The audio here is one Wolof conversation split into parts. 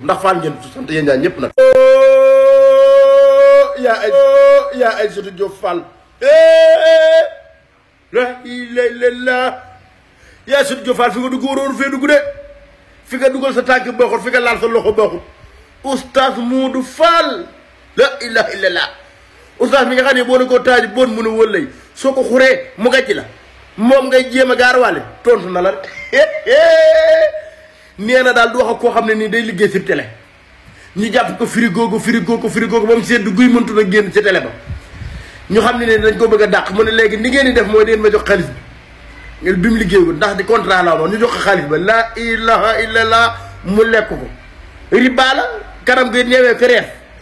ndax fal ngeen sant yéen ñaar ñepp nak oh, ya ay ya ay sotu jof fal eh, la ilaha ya yaa sotu jóob faal fi nga dugg waroon fi dugg de fi nga dugal sa tànk bokkul fi nga laal sa loxo bokkul oustaz muudu fal la ilaha illallah oustaz mi nga xane bo boo taaj boon mu ne wolay soko xure mu gàcc la moom ngay jema a tontu na la nee dal du wax ak koo xam ne day liggey ci télé ñu jàpp ko frigo go frigo ko frigo go bam mu seddu guy mëntu na génn ci télé ba ñu xam ne dañ ko bëgg a dàq mu ne légui ni ngeen di def moy deen ma jox xaalis bi ngeen bi mu liggéey ndax di contrat la woon ñu jox ko ba la ilaha illa laa mu lekk ko riba la karam gi ñewé ko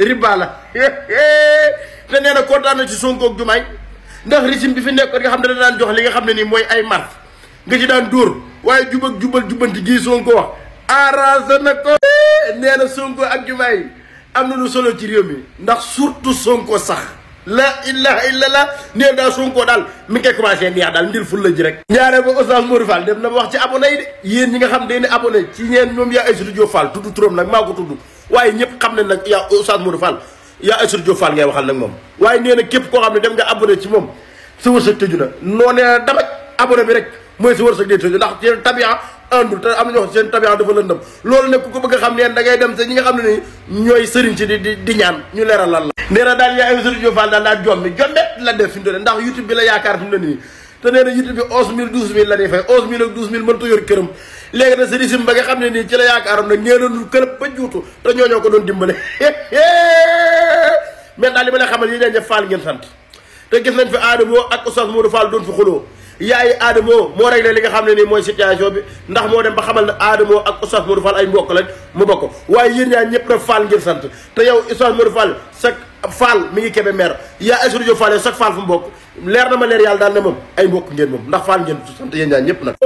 riba la te neena na kontaan ci Sonko ak Diomaye ndax régime bi fi nekk nga xamne ne da daan jox li nga xamne ni moy ay mars nga ci daan dur waye jub ak jubal jubanti gii Sonko wax arrangé na ko nee na Sonko ak Diomaye am na lu solo ci réew mi ndax surtout Sonko sax la ilaha illallah nee daa Sonko daal mi ngi koy commencé neex daal ndir ful la ji rek ñaaree ba Oustaz Modou Fall dem na wax ci abonné yi de yéen ñi nga xam ne abonné ci ñoom yaa Aïssatou Diop Fall tudd turam nag maa ko tudd waaye ñëpp xam ne nag yaa Oustaz Modou Fall yaa Aïssatou Diop Fall ngay waxal nag moom waaye nee na képp koo xam ne dem nga abonné ci moom sa wërsëg tëju na noo nee damaj abonné bi rek mooy sa wërsëg day tëju ndax tabia àndul te am na ñoo seen tabiya dafa lëndëm loolu nag ko bëgg a xam ne da dem sa ñi nga xam ne ni ñooy sëriñ si di di ñaan ñu leeral lan la nee na daal yaay sëriñ Diop Fall daal daal jommi jombe la def fi mu ne ndax ak douze këram léegi nag sëriñ si ba xam ne nii ci la yaakaaroon nag nee nañu kërëb ba juutu te ñoo ñoo ko doon dimbale mais daal li ma la xamal yi leen def Fall ngeen sant te gis nañ fi aada boo ak Oustaz Modou Fall doon fi xuloo yaay Adamo moo réglé li nga xam ne nii mooy situation bi ndax moo dem ba xamal ne Adamo ak Oustaz Modou Fall ay mbokk lañ mu bokk waaye yéen ñaa ñëpp na Fall ngir sant te yow Oustaz Modou Fall sa Fall mi ngi kebe maire yaa Aïssatou Diop Fall yow sa fu mu bokk leer na ma leer yàlla daal ne moom ay mbokk ngeen moom ndax Fall ngeen sant yéen ñaa nag